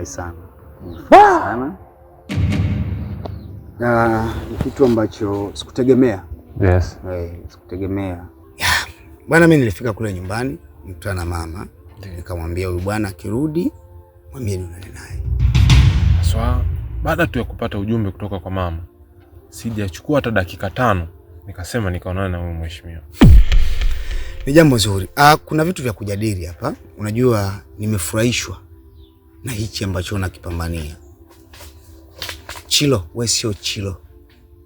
nimefurahi sana, sana na ni kitu ambacho sikutegemea. Yes. Hey, eh, sikutegemea bwana. Mimi nilifika kule nyumbani nikutana na mama Nikamwambia huyu bwana akirudi mwambie nionane naye Aswa, Baada tu ya kupata ujumbe kutoka kwa mama, sijachukua hata dakika tano, nikasema nikaonana na huyu mheshimiwa. Ni jambo zuri. Ah, kuna vitu vya kujadili hapa. Unajua, nimefurahishwa na hichi ambacho unakipambania. Chilo, we sio Chilo,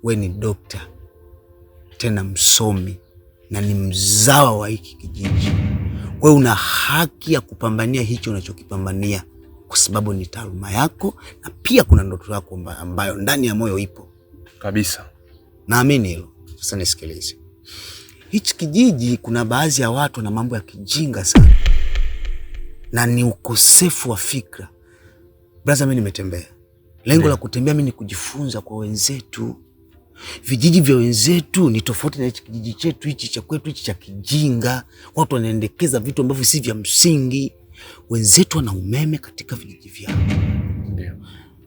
we ni dokta tena msomi na ni mzawa wa hiki kijiji. We una haki ya kupambania hicho unachokipambania kwa sababu ni taaluma yako, na pia kuna ndoto yako ambayo ndani ya moyo ipo kabisa. Naamini hilo. Sasa nisikilize, hichi kijiji kuna baadhi ya watu na mambo ya kijinga sana, na ni ukosefu wa fikra Braza, mimi nimetembea, lengo la kutembea mimi ni kujifunza kwa wenzetu. Vijiji vya wenzetu ni tofauti na kijiji chetu hichi cha kwetu hichi cha kijinga. Watu wanaendekeza vitu ambavyo si vya msingi. Wenzetu wana umeme katika vijiji vyao,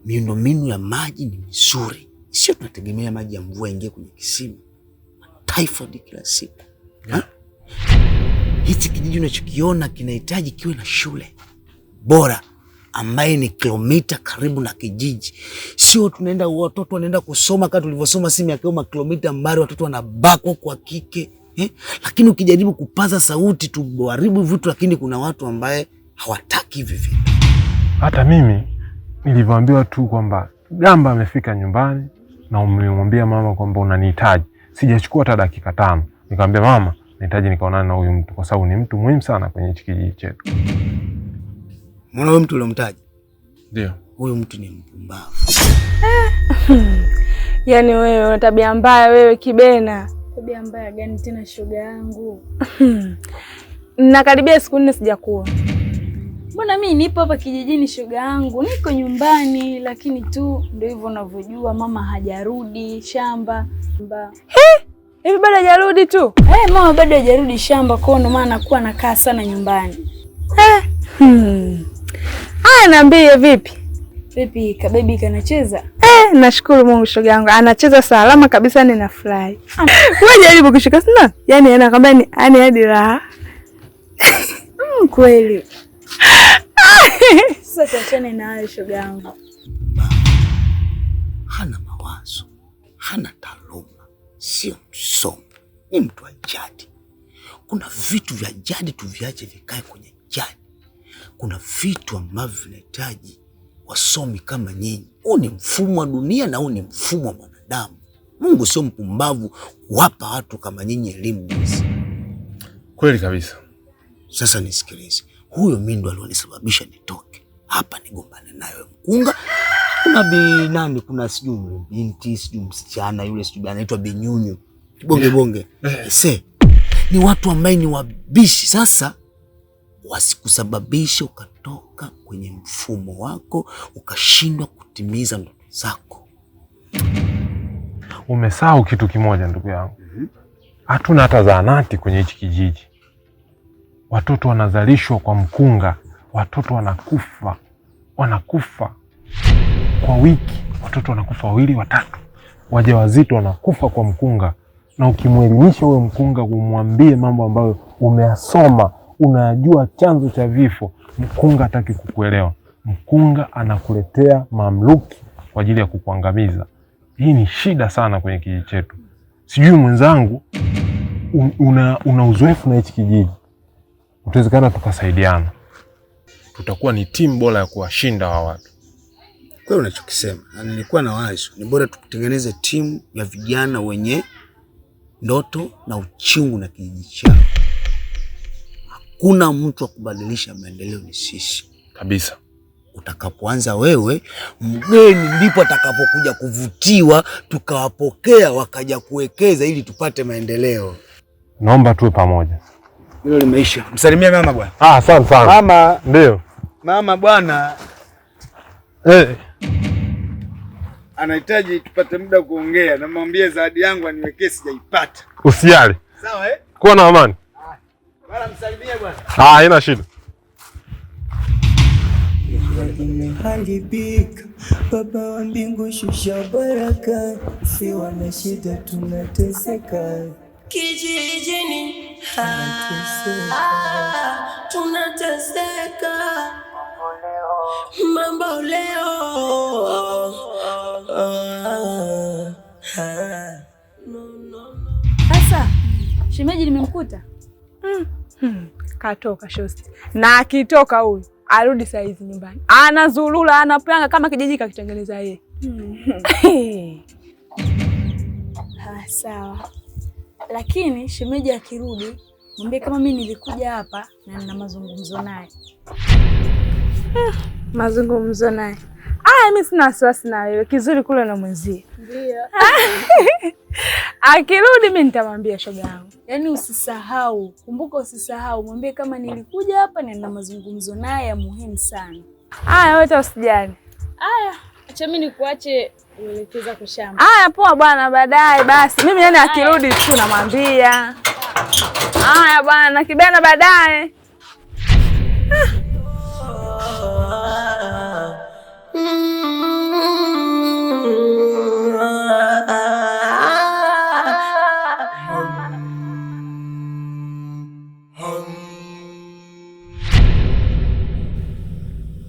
miundombinu ya maji ni mizuri, sio tunategemea maji ya mvua ingie kwenye kisima, typhoid kila siku. Hichi kijiji unachokiona kinahitaji kiwe na shule bora ambaye ni kilomita karibu na kijiji. Sio tunaenda watoto wanaenda kusoma kama tulivyosoma simu ya kilomita mbali, watoto wanabakwa kwa kike eh? Lakini ukijaribu kupaza sauti tuharibu vitu, lakini kuna watu ambaye hawataki hivi vitu. Hata mimi nilivyoambiwa tu kwamba Gamba amefika nyumbani na umemwambia mama kwamba unanihitaji, sijachukua hata dakika tano, nikamwambia mama, nahitaji nikaonane na huyu mtu kwa sababu ni mtu muhimu sana kwenye hichi kijiji chetu. Mwana huyo mtu uliomtaja. Ndio. huyo mtu ni mpumbavu. Yaani wewe una tabia mbaya wewe Kibena. Tabia mbaya gani tena shoga yangu? Nakaribia siku nne sijakuwa. Mbona mimi nipo hapa kijijini shoga yangu, niko nyumbani, lakini tu ndio hivyo unavyojua, mama hajarudi shamba. Hivi bado hajarudi tu? Hey, eh, mama bado hajarudi shamba, kwa hiyo ndio maana nakuwa nakaa sana nyumbani. Hey. Hmm. hmm. Aya, niambie vipi? Vipi kabebi kanacheza? Eh, nashukuru Mungu shoga yangu. Anacheza salama kabisa ninafurahi. Ah. Wewe jaribu kushika sana. Yaani anakwambia ni ani hadi raha. Mm, kweli. Sasa tuachane na hayo shoga yangu. Hana mawazo. Hana taaluma. Sio msomi. Ni mtu wa jadi. Kuna vitu vya jadi tuviache vikae kwenye jadi kuna vitu ambavyo vinahitaji wasomi kama nyinyi. Huu ni mfumo wa dunia na huu ni mfumo wa mwanadamu. Mungu sio mpumbavu kuwapa watu kama nyinyi elimu hizi. Kweli kabisa. Sasa nisikilize, huyo mi ndo alionisababisha nitoke hapa nigombane nayo mkunga. Kuna bi nani, kuna sijui binti sijui msichana yule sijui anaitwa Binyunyu bonge bonge. Yeah. Eh. ni watu ambaye ni wabishi sasa wasikusababishe ukatoka kwenye mfumo wako ukashindwa kutimiza ndoto zako. Umesahau kitu kimoja, ndugu yangu. Mhm. Hatuna hata zahanati kwenye hichi kijiji. Watoto wanazalishwa kwa mkunga, watoto wanakufa, wanakufa kwa wiki, watoto wanakufa wawili watatu, wajawazito wanakufa kwa mkunga. Na ukimwelimisha huyo mkunga, umwambie mambo ambayo umeyasoma unajua chanzo cha vifo, mkunga hataki kukuelewa. Mkunga anakuletea mamluki kwa ajili ya kukuangamiza. Hii ni shida sana kwenye kijiji chetu. Sijui mwenzangu, una, una uzoefu na hichi kijiji, utawezekana tukasaidiana, tutakuwa ni timu bora ya kuwashinda wa watu. Kweli unachokisema, nilikuwa na wazo, ni bora tutengeneze timu ya vijana wenye ndoto na uchungu na kijiji chao hakuna mtu wa kubadilisha maendeleo ni sisi kabisa. Utakapoanza wewe, mgeni ndipo atakapokuja kuvutiwa, tukawapokea wakaja kuwekeza ili tupate maendeleo. Naomba tuwe pamoja. Hilo limeisha. Msalimie mama bwana. Ah, asante sana. Mama ndio. Mama bwana. Eh. Hey. Anahitaji tupate muda kuongea, namwambia zawadi yangu aniwekee sijaipata. Usijali. Sawa eh? Kuwa na amani. Ah, haina shida. Haribika Baba wa mbingu, shusha baraka, siwa na shida, tunateseka kijijini, tunateseka mambo leo hasa. Shemeji, nimemkuta Hmm, katoka shosti na akitoka huyu arudi saizi nyumbani anazurula anapanga kama kijiji kakitengeneza yeye. Hmm. Ah, sawa, lakini shemeji akirudi mwambie kama mimi nilikuja hapa na nina mazungumzo naye. Ah, mazungumzo naye Ah, mimi sina wasiwasi na wewe. Kizuri kule na mwenzie. Ndio. Akirudi mimi nitamwambia shoga yangu. Yaani usisahau, kumbuka usisahau, mwambie kama nilikuja hapa na nina mazungumzo naye ya muhimu sana. aya wewe usijali. Aya, acha mimi nikuache uelekeza kwa shamba. Aya, poa bwana, baadaye basi. Mimi yani akirudi tu namwambia. aya bwana, kibena baadaye. Ah.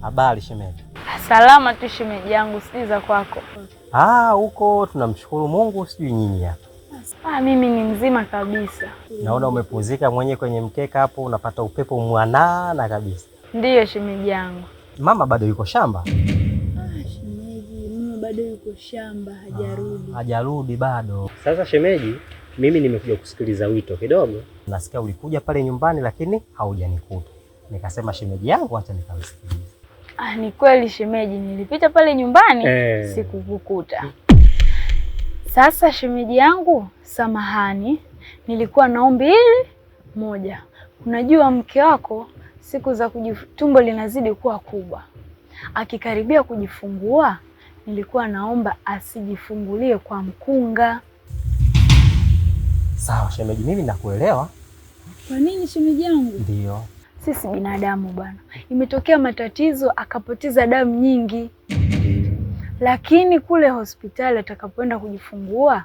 Habari shemeji. Salama tu shemeji yangu, sijui za kwako. Ah, huko tunamshukuru Mungu, sijui nyinyi hapa. Ah, mimi ni mzima kabisa. Naona umepumzika mwenyewe kwenye mkeka hapo, unapata upepo mwanana kabisa. Ndiyo shemeji yangu. Mama bado yuko shamba? bado yuko shamba hajarudi. Ah, hajarudi bado. Sasa shemeji, mimi nimekuja kusikiliza wito kidogo. Nasikia ulikuja pale nyumbani lakini haujanikuta. Nikasema shemeji yangu acha nikamsikilize. Ah, ni kweli shemeji, nilipita pale nyumbani eh, sikukukuta. Sasa shemeji yangu, samahani, nilikuwa na ombi hili moja. Unajua mke wako siku za kujitumbo linazidi kuwa kubwa, akikaribia kujifungua nilikuwa naomba asijifungulie kwa mkunga. Sawa shemeji, mimi nakuelewa. Kwa nini shemeji yangu? Ndio sisi binadamu bwana, imetokea matatizo akapoteza damu nyingi, lakini kule hospitali atakapoenda kujifungua,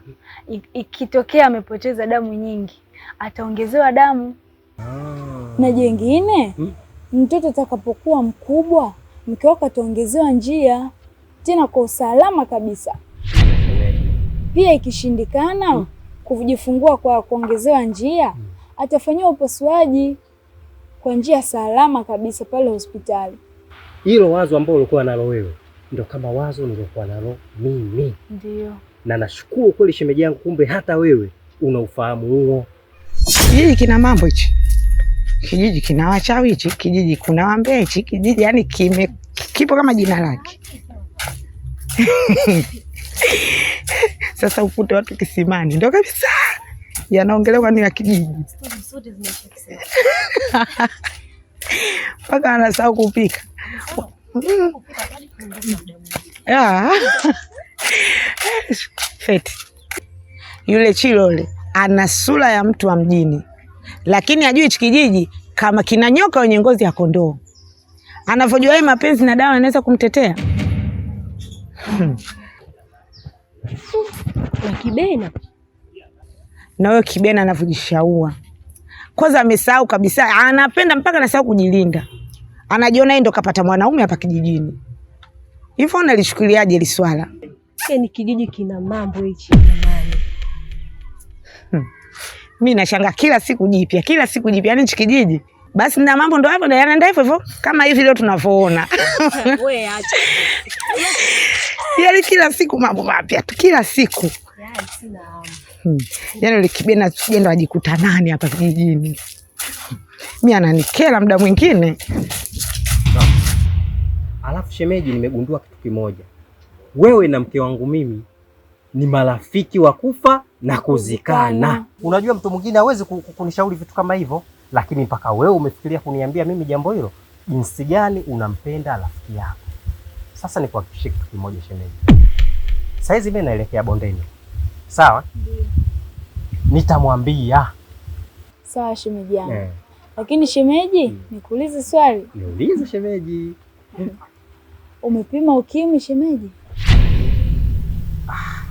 ikitokea amepoteza damu nyingi, ataongezewa damu ah. na jengine hmm. mtoto atakapokuwa mkubwa, mke wako ataongezewa njia tena kwa usalama kabisa. Pia ikishindikana hmm, kujifungua kwa kuongezewa njia hmm, atafanyiwa upasuaji kwa njia salama kabisa pale hospitali. Hilo wazo ambalo ulikuwa nalo wewe ndio kama wazo nilikuwa nalo mimi, ndio na nashukuru kweli shemeji yangu, kumbe hata wewe una ufahamu huo. Kijiji kina mambo hichi, kijiji kina wachawi hichi, kijiji kuna wambea hichi, kijiji yani kime kipo kama jina lake. Sasa ukute watu kisimani, ndo kabisa yanaongelewa ni ya kijiji mpaka anasahau kupika feti. Yule Chilole ana sura ya mtu wa mjini, lakini ajui hichi kijiji kama kina nyoka wenye ngozi ya kondoo. Anavyojua yeye mapenzi na dawa anaweza kumtetea na Kibena na wewe Kibena anavyojishaua kwanza, amesahau kabisa, anapenda mpaka anasahau kujilinda, anajiona yeye ndo kapata mwanaume hapa kijijini. Hivyo nalishukuliaje hili swala? Ni kijiji kina mambo hichi jamani. Hmm. Mimi nashanga kila siku jipya, kila siku jipya, yaani nchi kijiji basi na mambo ndo hapo yanaenda hivyo hivyo kama hivi leo tunavyoona. yani Yaani kila siku mambo mapya tu kila siku. Hmm. Yaani sina. kibena Yaani wajikuta nani hapa vijijini Mimi ananikela muda mwingine. Alafu shemeji, nimegundua kitu kimoja, wewe na mke wangu mimi ni marafiki wa kufa na kuzikana. Unajua mtu mwingine hawezi kunishauri vitu kama hivyo lakini mpaka wewe umefikiria kuniambia mimi jambo hilo? Jinsi gani unampenda rafiki yako? Sasa nikuhakikishie kitu kimoja shemeji, saizi mimi naelekea bondeni, sawa? Ndio. Nitamwambia. Sawa shemeji yangu eh. Lakini shemeji hmm. Nikuulize swali. Niulize shemeji. Umepima ukimwi shemeji? Ah,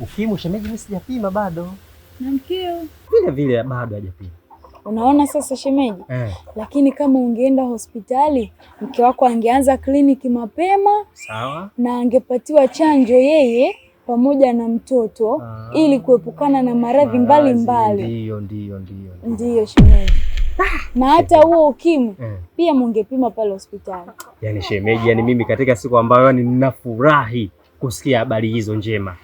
ukimwi shemeji, mimi sijapima bado, na mkeo vile vile bado hajapima. Unaona sasa shemeji eh. Lakini kama ungeenda hospitali mke wako angeanza kliniki mapema sawa, na angepatiwa chanjo yeye pamoja na mtoto ah, ili kuepukana na maradhi mbalimbali. Ndio, ndio, ndio, ndio shemeji na hata eh. huo ukimwi mm. pia mungepima pale hospitali. Yaani shemeji, yani mimi katika siku ambayo yani ninafurahi kusikia habari hizo njema.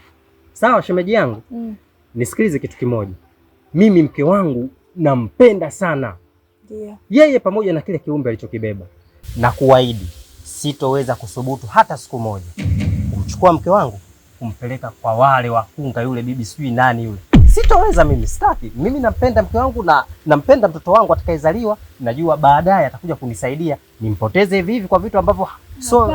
Sawa shemeji yangu mm. nisikilize kitu kimoja, mimi mke wangu nampenda sana yeah. Yeye pamoja na kile kiumbe alichokibeba, na kuahidi sitoweza kusubutu hata siku moja kumchukua mke wangu kumpeleka kwa wale wakunga, yule bibi sijui nani yule, sitoweza mimi, sitaki mimi. Nampenda mke wangu na nampenda mtoto wangu atakayezaliwa, najua baadaye atakuja kunisaidia, nimpoteze hivi hivi kwa vitu ambavyo so...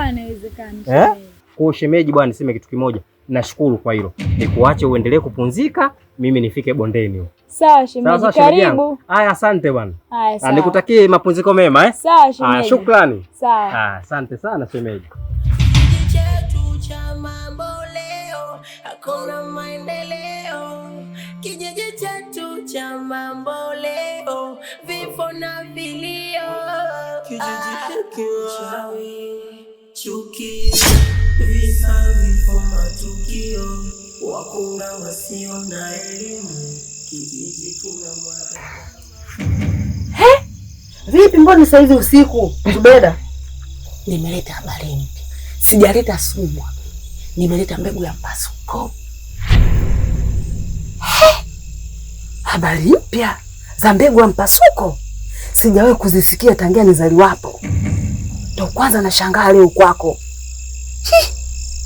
eh? Kwa shemeji bwana, niseme kitu kimoja nashukuru kwa hilo, nikuache uendelee kupumzika, mimi nifike bondeni. Sawa shemeji, karibu. Haya, asante bwana. Haya, ah, nikutakie mapumziko mema eh? Sawa shemeji. Haya, shukrani. Sawa. Ah, asante sana shemeji. cha mambo leo, hakuna maendeleo. Kijiji chetu cha mambo leo, vifo na vilio. Kijiji ah. chuki matukio, wakunga wasio na elimu, kijiji kuna mwaga. He? Vipi mbona sasa usiku Zubeda? Nimeleta habari mpya, sijaleta sumwa nimeleta mbegu ya mpasuko. Habari mpya za mbegu ya mpasuko sijawahi kuzisikia tangia nizaliwapo, ndo kwanza nashangaa leo kwako.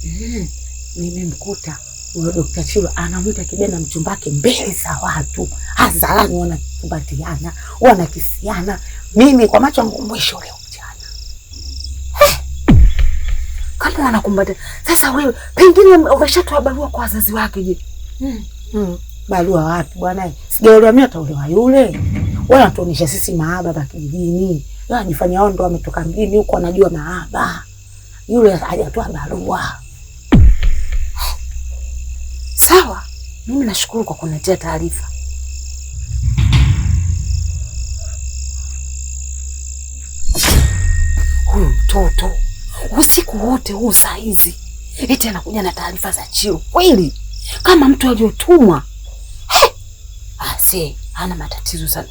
Mm nimemkuta huyo Dokta Chilo anamwita Kibena mchumbake mbele za watu hadharani, wanakumbatiana wanakisiana, mimi kwa macho yangu mwisho leo mchana eh! kama wanakumbatiana sasa. Wewe pengine umeshatoa barua kwa wazazi wake? Je, hmm. hmm. barua wapi bwana? Sijaolewa mimi, ataolewa yule. Wanatuonyesha sisi mahaba ba kijijini, wanajifanya wao ndo wametoka mjini huko, wanajua mahaba. Yule hajatoa barua Sawa, mimi nashukuru kwa kuniletea taarifa. Huyu mtoto usiku wote huu saa hizi eti anakuja na taarifa za Chiro kweli, kama mtu aliyotumwa. Ah, see, ana matatizo sana.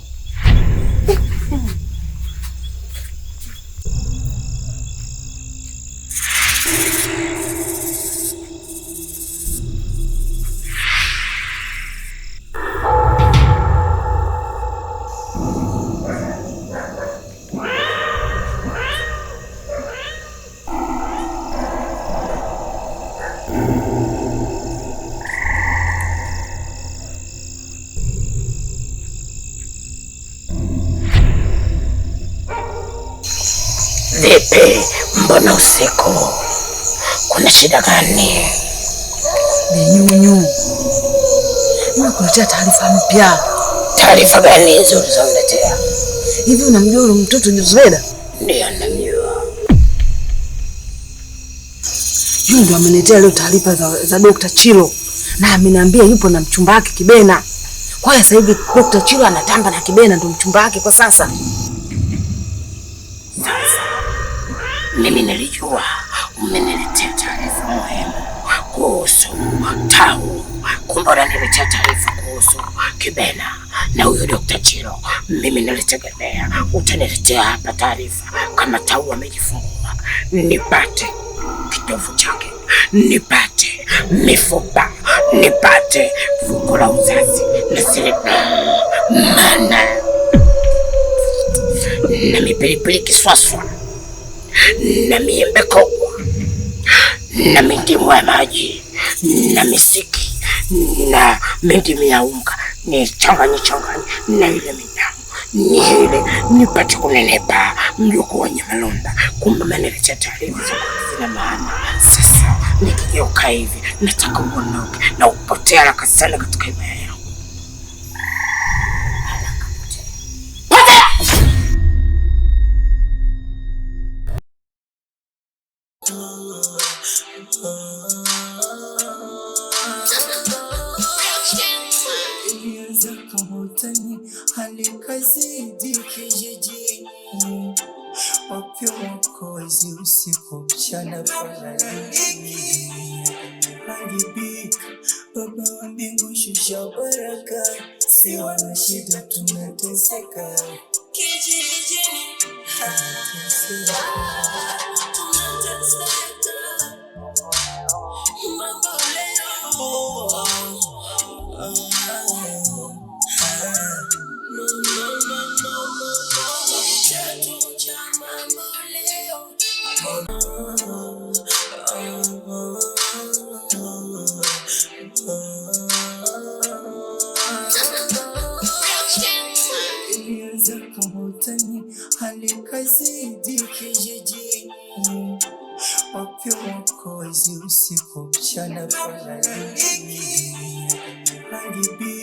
siku, kuna shida gani? Binyunyu, nakuletea taarifa mpya. Taarifa gani hizo ulizoniletea? Hivi unamjua yule mtoto juzweda Ndiyo, namjua. Yule ndo ameniletea leo taarifa za, za Dokta Chilo na ameniambia yupo na mchumba wake Kibena. Kwa hiyo sasa hivi Dokta Chilo anatamba na Kibena, ndo mchumba wake kwa sasa. Mimi nilijua umeniletea taarifa muhimu kuhusu Tau, kumbora niletea taarifa kuhusu Kibena na huyo Dr. Chiro. Mimi nilitegemea utaniletea hapa taarifa kama Tau amejifungua, nipate kitovu chake, nipate mifupa, nipate vuko la uzazi na silibaa, mana na mipilipili kiswaswa na miembe kongwa na mindimu ya maji na misiki na mindimu ya unga, ni changanye changanye na ile minyamu ni ile nipate kunenepa, mjukuu wenye malonda. Kumbe maniletea taarifa zina maana. Sasa nikigeuka hivi nataka uondoke na upotea haraka sana katika imaya kazi usiku mchana, haribika Baba wa mbingu, shusha baraka, si wana shida, tunateseka